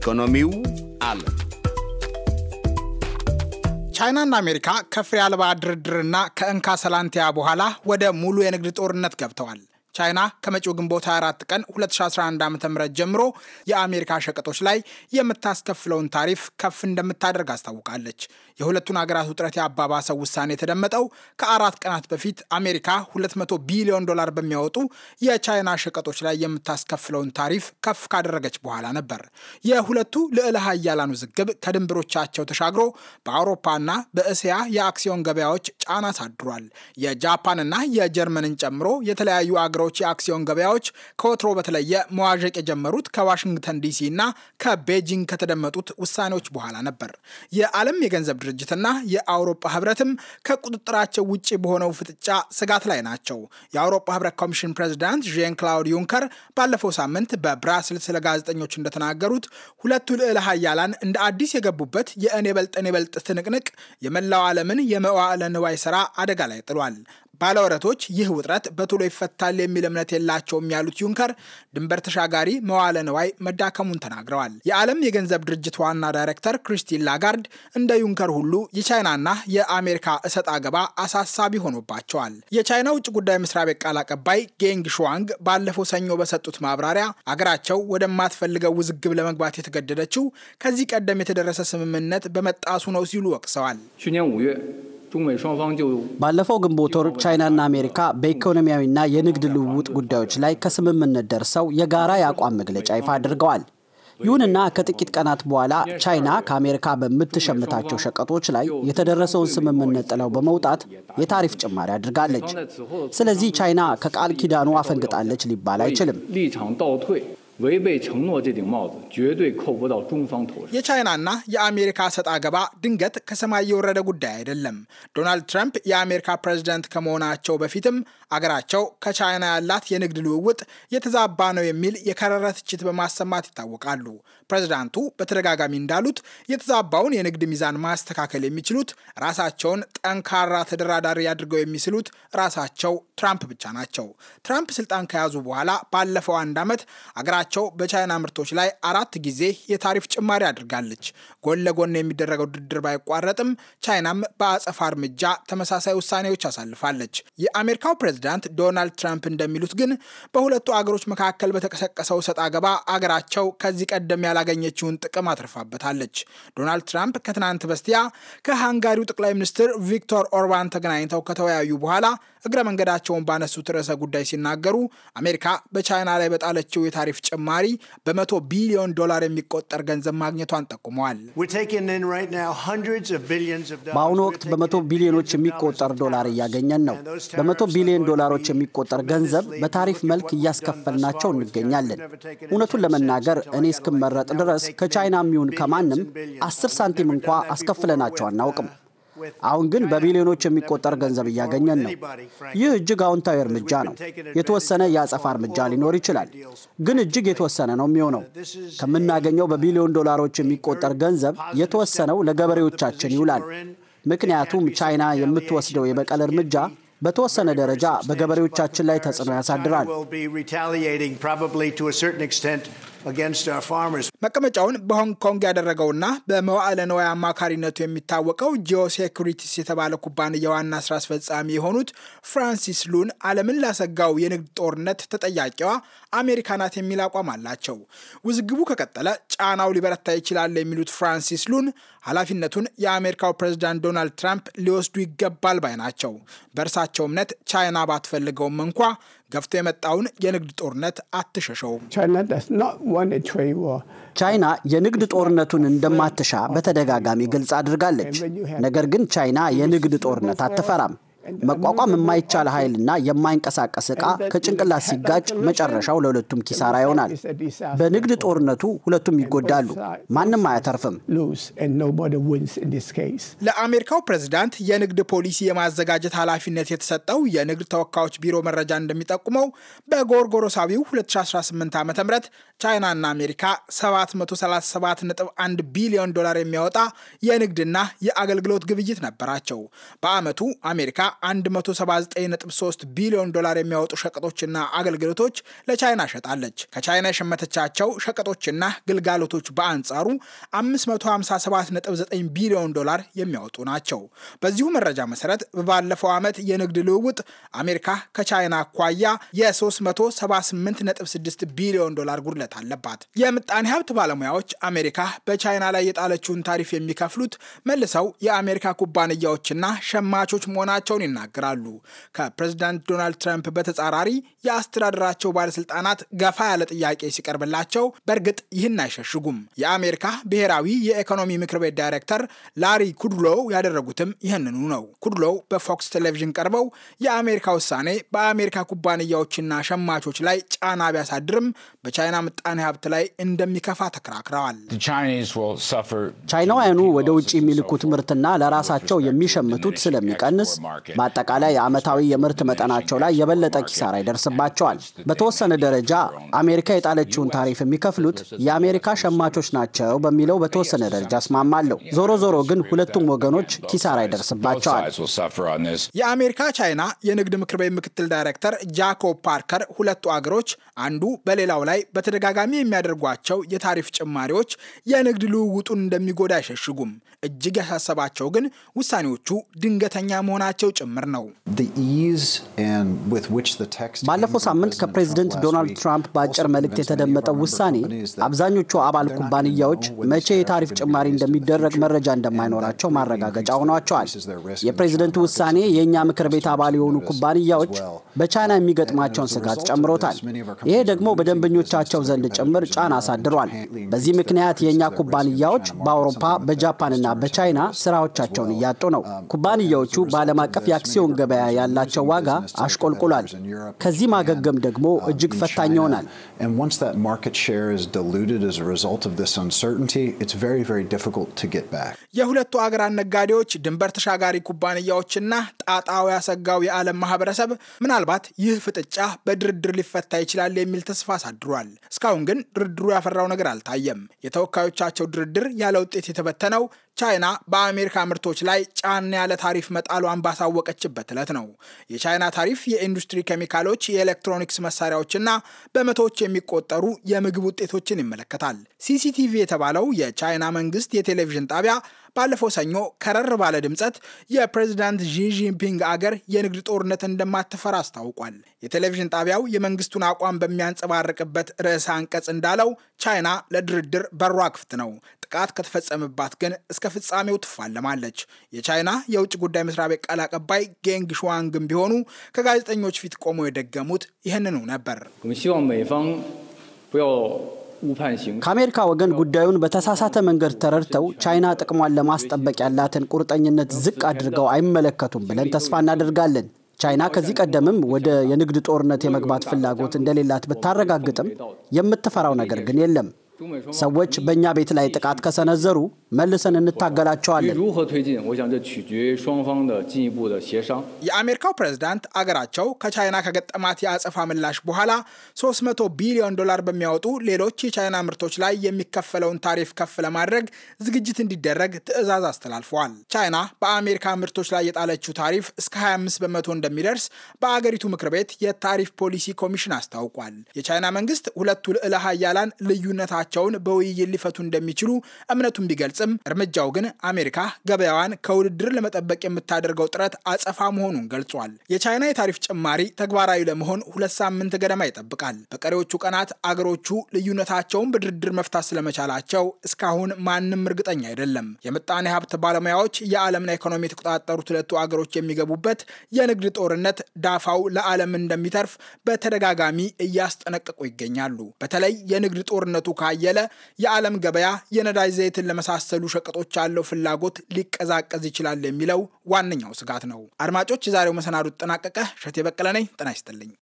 ኢኮኖሚው አለ። ቻይናና አሜሪካ ከፍሬ አልባ ድርድርና ከእንካ ሰላንቲያ በኋላ ወደ ሙሉ የንግድ ጦርነት ገብተዋል። ቻይና ከመጪው ግንቦት 24 ቀን 2011 ዓ ም ጀምሮ የአሜሪካ ሸቀጦች ላይ የምታስከፍለውን ታሪፍ ከፍ እንደምታደርግ አስታውቃለች። የሁለቱን አገራት ውጥረት የአባባሰው ውሳኔ የተደመጠው ከአራት ቀናት በፊት አሜሪካ 200 ቢሊዮን ዶላር በሚያወጡ የቻይና ሸቀጦች ላይ የምታስከፍለውን ታሪፍ ከፍ ካደረገች በኋላ ነበር። የሁለቱ ልዕለ ሀያላን ውዝግብ ከድንበሮቻቸው ተሻግሮ በአውሮፓና በእስያ የአክሲዮን ገበያዎች ጫና አሳድሯል። የጃፓንና የጀርመንን ጨምሮ የተለያዩ የአገሮች የአክሲዮን ገበያዎች ከወትሮ በተለየ መዋዠቅ የጀመሩት ከዋሽንግተን ዲሲ እና ከቤጂንግ ከተደመጡት ውሳኔዎች በኋላ ነበር። የዓለም የገንዘብ ድርጅትና የአውሮፓ ህብረትም ከቁጥጥራቸው ውጭ በሆነው ፍጥጫ ስጋት ላይ ናቸው። የአውሮፓ ህብረት ኮሚሽን ፕሬዚዳንት ዣን ክላውድ ዩንከር ባለፈው ሳምንት በብራስልስ ለጋዜጠኞች እንደተናገሩት ሁለቱ ልዕለ ሀያላን እንደ አዲስ የገቡበት የእኔ በልጥ እኔ በልጥ ትንቅንቅ የመላው ዓለምን የመዋዕለ ንዋይ ስራ አደጋ ላይ ጥሏል። ባለውረቶች ይህ ውጥረት በቶሎ ይፈታል የሚል እምነት የላቸውም ያሉት ዩንከር ድንበር ተሻጋሪ መዋለ ነዋይ መዳከሙን ተናግረዋል። የዓለም የገንዘብ ድርጅት ዋና ዳይሬክተር ክሪስቲን ላጋርድ እንደ ዩንከር ሁሉ የቻይናና የአሜሪካ እሰጥ አገባ አሳሳቢ ሆኖባቸዋል። የቻይና ውጭ ጉዳይ መስሪያ ቤት ቃል አቀባይ ጌንግ ሽዋንግ ባለፈው ሰኞ በሰጡት ማብራሪያ አገራቸው ወደማትፈልገው ውዝግብ ለመግባት የተገደደችው ከዚህ ቀደም የተደረሰ ስምምነት በመጣሱ ነው ሲሉ ወቅሰዋል። ባለፈው ግንቦት ወር ቻይናና አሜሪካ በኢኮኖሚያዊና የንግድ ልውውጥ ጉዳዮች ላይ ከስምምነት ደርሰው የጋራ የአቋም መግለጫ ይፋ አድርገዋል። ይሁንና ከጥቂት ቀናት በኋላ ቻይና ከአሜሪካ በምትሸምታቸው ሸቀጦች ላይ የተደረሰውን ስምምነት ጥለው በመውጣት የታሪፍ ጭማሪ አድርጋለች። ስለዚህ ቻይና ከቃል ኪዳኑ አፈንግጣለች ሊባል አይችልም። 违背承诺这顶帽子绝对扣不到中方头上。የቻይናና የአሜሪካ ሰጣ ገባ ድንገት ከሰማይ የወረደ ጉዳይ አይደለም። ዶናልድ ትራምፕ የአሜሪካ ፕሬዚደንት ከመሆናቸው በፊትም አገራቸው ከቻይና ያላት የንግድ ልውውጥ የተዛባ ነው የሚል የከረረ ትችት በማሰማት ይታወቃሉ። ፕሬዝዳንቱ በተደጋጋሚ እንዳሉት የተዛባውን የንግድ ሚዛን ማስተካከል የሚችሉት ራሳቸውን ጠንካራ ተደራዳሪ አድርገው የሚስሉት ራሳቸው ትራምፕ ብቻ ናቸው። ትራምፕ ስልጣን ከያዙ በኋላ ባለፈው አንድ ዓመት አገራቸው በቻይና ምርቶች ላይ አራት ጊዜ የታሪፍ ጭማሪ አድርጋለች። ጎን ለጎን የሚደረገው ድርድር ባይቋረጥም ቻይናም በአጸፋ እርምጃ ተመሳሳይ ውሳኔዎች አሳልፋለች። የአሜሪካው ፕሬዝዳንት ዶናልድ ትራምፕ እንደሚሉት ግን በሁለቱ አገሮች መካከል በተቀሰቀሰው ሰጥ አገባ አገራቸው ከዚህ ቀደም ያለ ያላገኘችውን ጥቅም አትርፋበታለች። ዶናልድ ትራምፕ ከትናንት በስቲያ ከሃንጋሪው ጠቅላይ ሚኒስትር ቪክቶር ኦርባን ተገናኝተው ከተወያዩ በኋላ እግረ መንገዳቸውን ባነሱት ርዕሰ ጉዳይ ሲናገሩ አሜሪካ በቻይና ላይ በጣለችው የታሪፍ ጭማሪ በመቶ ቢሊዮን ዶላር የሚቆጠር ገንዘብ ማግኘቷን ጠቁመዋል። በአሁኑ ወቅት በመቶ ቢሊዮኖች የሚቆጠር ዶላር እያገኘን ነው። በመቶ ቢሊዮን ዶላሮች የሚቆጠር ገንዘብ በታሪፍ መልክ እያስከፈልናቸው እንገኛለን። እውነቱን ለመናገር እኔ እስክመረጥ እስክንሰጥ ድረስ ከቻይና የሚሆን ከማንም አስር ሳንቲም እንኳ አስከፍለናቸው አናውቅም። አሁን ግን በቢሊዮኖች የሚቆጠር ገንዘብ እያገኘን ነው። ይህ እጅግ አዎንታዊ እርምጃ ነው። የተወሰነ የአጸፋ እርምጃ ሊኖር ይችላል፣ ግን እጅግ የተወሰነ ነው የሚሆነው። ከምናገኘው በቢሊዮን ዶላሮች የሚቆጠር ገንዘብ የተወሰነው ለገበሬዎቻችን ይውላል። ምክንያቱም ቻይና የምትወስደው የበቀል እርምጃ በተወሰነ ደረጃ በገበሬዎቻችን ላይ ተጽዕኖ ያሳድራል። መቀመጫውን በሆንግ ኮንግ ያደረገውና በመዋዕለ ንዋይ አማካሪነቱ የሚታወቀው ጂኦ ሴኩሪቲስ የተባለ ኩባንያ ዋና ስራ አስፈጻሚ የሆኑት ፍራንሲስ ሉን ዓለምን ላሰጋው የንግድ ጦርነት ተጠያቂዋ አሜሪካ ናት የሚል አቋም አላቸው። ውዝግቡ ከቀጠለ ጫናው ሊበረታ ይችላል የሚሉት ፍራንሲስ ሉን ኃላፊነቱን የአሜሪካው ፕሬዚዳንት ዶናልድ ትራምፕ ሊወስዱ ይገባል ባይ ናቸው። በእርሳቸው እምነት ቻይና ባትፈልገውም እንኳ ገፍቶ የመጣውን የንግድ ጦርነት አትሸሸውም። ቻይና የንግድ ጦርነቱን እንደማትሻ በተደጋጋሚ ግልጽ አድርጋለች። ነገር ግን ቻይና የንግድ ጦርነት አትፈራም። መቋቋም የማይቻል ኃይልና የማይንቀሳቀስ ዕቃ ከጭንቅላት ሲጋጭ መጨረሻው ለሁለቱም ኪሳራ ይሆናል። በንግድ ጦርነቱ ሁለቱም ይጎዳሉ፣ ማንም አያተርፍም። ለአሜሪካው ፕሬዝዳንት የንግድ ፖሊሲ የማዘጋጀት ኃላፊነት የተሰጠው የንግድ ተወካዮች ቢሮ መረጃ እንደሚጠቁመው በጎርጎሮሳዊው 2018 ዓ ም ቻይናና አሜሪካ 737.1 ቢሊዮን ዶላር የሚያወጣ የንግድና የአገልግሎት ግብይት ነበራቸው። በአመቱ አሜሪካ 179.3 ቢሊዮን ዶላር የሚያወጡ ሸቀጦችና አገልግሎቶች ለቻይና ሸጣለች። ከቻይና የሸመተቻቸው ሸቀጦችና ግልጋሎቶች በአንጻሩ 557.9 ቢሊዮን ዶላር የሚያወጡ ናቸው። በዚሁ መረጃ መሰረት በባለፈው ዓመት የንግድ ልውውጥ አሜሪካ ከቻይና አኳያ የ378.6 ቢሊዮን ዶላር ጉድለት አለባት። የምጣኔ ሀብት ባለሙያዎች አሜሪካ በቻይና ላይ የጣለችውን ታሪፍ የሚከፍሉት መልሰው የአሜሪካ ኩባንያዎችና ሸማቾች መሆናቸውን መሆናቸውን ይናገራሉ። ከፕሬዚዳንት ዶናልድ ትራምፕ በተጻራሪ የአስተዳደራቸው ባለስልጣናት ገፋ ያለ ጥያቄ ሲቀርብላቸው በእርግጥ ይህን አይሸሽጉም። የአሜሪካ ብሔራዊ የኢኮኖሚ ምክር ቤት ዳይሬክተር ላሪ ኩድሎው ያደረጉትም ይህንኑ ነው። ኩድሎው በፎክስ ቴሌቪዥን ቀርበው የአሜሪካ ውሳኔ በአሜሪካ ኩባንያዎችና ሸማቾች ላይ ጫና ቢያሳድርም በቻይና ምጣኔ ሀብት ላይ እንደሚከፋ ተከራክረዋል። ቻይናውያኑ ወደ ውጭ የሚልኩት ምርትና ለራሳቸው የሚሸምቱት ስለሚቀንስ በአጠቃላይ የአመታዊ የምርት መጠናቸው ላይ የበለጠ ኪሳራ ይደርስባቸዋል። በተወሰነ ደረጃ አሜሪካ የጣለችውን ታሪፍ የሚከፍሉት የአሜሪካ ሸማቾች ናቸው በሚለው በተወሰነ ደረጃ እስማማለሁ። ዞሮ ዞሮ ግን ሁለቱም ወገኖች ኪሳራ ይደርስባቸዋል። የአሜሪካ ቻይና የንግድ ምክር ቤት ምክትል ዳይሬክተር ጃኮብ ፓርከር ሁለቱ አገሮች አንዱ በሌላው ላይ በተደጋጋሚ የሚያደርጓቸው የታሪፍ ጭማሪዎች የንግድ ልውውጡን እንደሚጎዳ አይሸሽጉም። እጅግ ያሳሰባቸው ግን ውሳኔዎቹ ድንገተኛ መሆናቸው ጭምር ነው። ባለፈው ሳምንት ከፕሬዚደንት ዶናልድ ትራምፕ በአጭር መልእክት የተደመጠው ውሳኔ አብዛኞቹ አባል ኩባንያዎች መቼ የታሪፍ ጭማሪ እንደሚደረግ መረጃ እንደማይኖራቸው ማረጋገጫ ሆኗቸዋል። የፕሬዚደንቱ ውሳኔ የእኛ ምክር ቤት አባል የሆኑ ኩባንያዎች በቻይና የሚገጥማቸውን ስጋት ጨምሮታል። ይሄ ደግሞ በደንበኞቻቸው ዘንድ ጭምር ጫና አሳድሯል። በዚህ ምክንያት የእኛ ኩባንያዎች በአውሮፓ በጃፓንና በቻይና ስራዎቻቸውን እያጡ ነው። um, ኩባንያዎቹ በዓለም አቀፍ የአክሲዮን ገበያ ያላቸው ዋጋ አሽቆልቁሏል። ከዚህ ማገገም ደግሞ እጅግ ፈታኝ ይሆናል። የሁለቱ አገራት ነጋዴዎች፣ ድንበር ተሻጋሪ ኩባንያዎችና ጣጣው ያሰጋው የዓለም ማህበረሰብ ምናልባት ይህ ፍጥጫ በድርድር ሊፈታ ይችላል የሚል ተስፋ አሳድሯል። እስካሁን ግን ድርድሩ ያፈራው ነገር አልታየም። የተወካዮቻቸው ድርድር ያለ ውጤት የተበተነው ቻይና በአሜሪካ ምርቶች ላይ ጫን ያለ ታሪፍ መጣሏን ባሳወቀችበት ዕለት ነው። የቻይና ታሪፍ የኢንዱስትሪ ኬሚካሎች፣ የኤሌክትሮኒክስ መሳሪያዎችና በመቶዎች የሚቆጠሩ የምግብ ውጤቶችን ይመለከታል። ሲሲቲቪ የተባለው የቻይና መንግስት የቴሌቪዥን ጣቢያ ባለፈው ሰኞ ከረር ባለ ድምፀት የፕሬዚዳንት ዢጂንፒንግ አገር የንግድ ጦርነት እንደማትፈራ አስታውቋል። የቴሌቪዥን ጣቢያው የመንግስቱን አቋም በሚያንጸባርቅበት ርዕሰ አንቀጽ እንዳለው ቻይና ለድርድር በሯ ክፍት ነው፣ ጥቃት ከተፈጸመባት ግን እስከ ፍጻሜው ትፋለማለች። የቻይና የውጭ ጉዳይ መስሪያ ቤት ቃል አቀባይ ጌንግ ሹዋንግም ቢሆኑ ከጋዜጠኞች ፊት ቆመው የደገሙት ይህንኑ ነበር። ከአሜሪካ ወገን ጉዳዩን በተሳሳተ መንገድ ተረድተው ቻይና ጥቅሟን ለማስጠበቅ ያላትን ቁርጠኝነት ዝቅ አድርገው አይመለከቱም ብለን ተስፋ እናደርጋለን። ቻይና ከዚህ ቀደምም ወደ የንግድ ጦርነት የመግባት ፍላጎት እንደሌላት ብታረጋግጥም የምትፈራው ነገር ግን የለም። ሰዎች በእኛ ቤት ላይ ጥቃት ከሰነዘሩ መልሰን እንታገላቸዋለን። የአሜሪካው ፕሬዝዳንት አገራቸው ከቻይና ከገጠማት የአጸፋ ምላሽ በኋላ 300 ቢሊዮን ዶላር በሚያወጡ ሌሎች የቻይና ምርቶች ላይ የሚከፈለውን ታሪፍ ከፍ ለማድረግ ዝግጅት እንዲደረግ ትዕዛዝ አስተላልፈዋል። ቻይና በአሜሪካ ምርቶች ላይ የጣለችው ታሪፍ እስከ 25 በመቶ እንደሚደርስ በአገሪቱ ምክር ቤት የታሪፍ ፖሊሲ ኮሚሽን አስታውቋል። የቻይና መንግስት ሁለቱ ልዕለ ሀያላን ልዩነታቸው ችግራቸውን በውይይት ሊፈቱ እንደሚችሉ እምነቱን ቢገልጽም እርምጃው ግን አሜሪካ ገበያዋን ከውድድር ለመጠበቅ የምታደርገው ጥረት አጸፋ መሆኑን ገልጿል። የቻይና የታሪፍ ጭማሪ ተግባራዊ ለመሆን ሁለት ሳምንት ገደማ ይጠብቃል። በቀሪዎቹ ቀናት አገሮቹ ልዩነታቸውን በድርድር መፍታት ስለመቻላቸው እስካሁን ማንም እርግጠኛ አይደለም። የምጣኔ ሀብት ባለሙያዎች የዓለምን ኢኮኖሚ የተቆጣጠሩት ሁለቱ አገሮች የሚገቡበት የንግድ ጦርነት ዳፋው ለዓለም እንደሚተርፍ በተደጋጋሚ እያስጠነቀቁ ይገኛሉ። በተለይ የንግድ ጦርነቱ ካየ ካየለ የዓለም ገበያ የነዳጅ ዘይትን ለመሳሰሉ ሸቀጦች ያለው ፍላጎት ሊቀዛቀዝ ይችላል የሚለው ዋነኛው ስጋት ነው። አድማጮች፣ የዛሬው መሰናዱ ተጠናቀቀ። እሸቴ በቀለ ነኝ። ጤና ይስጥልኝ።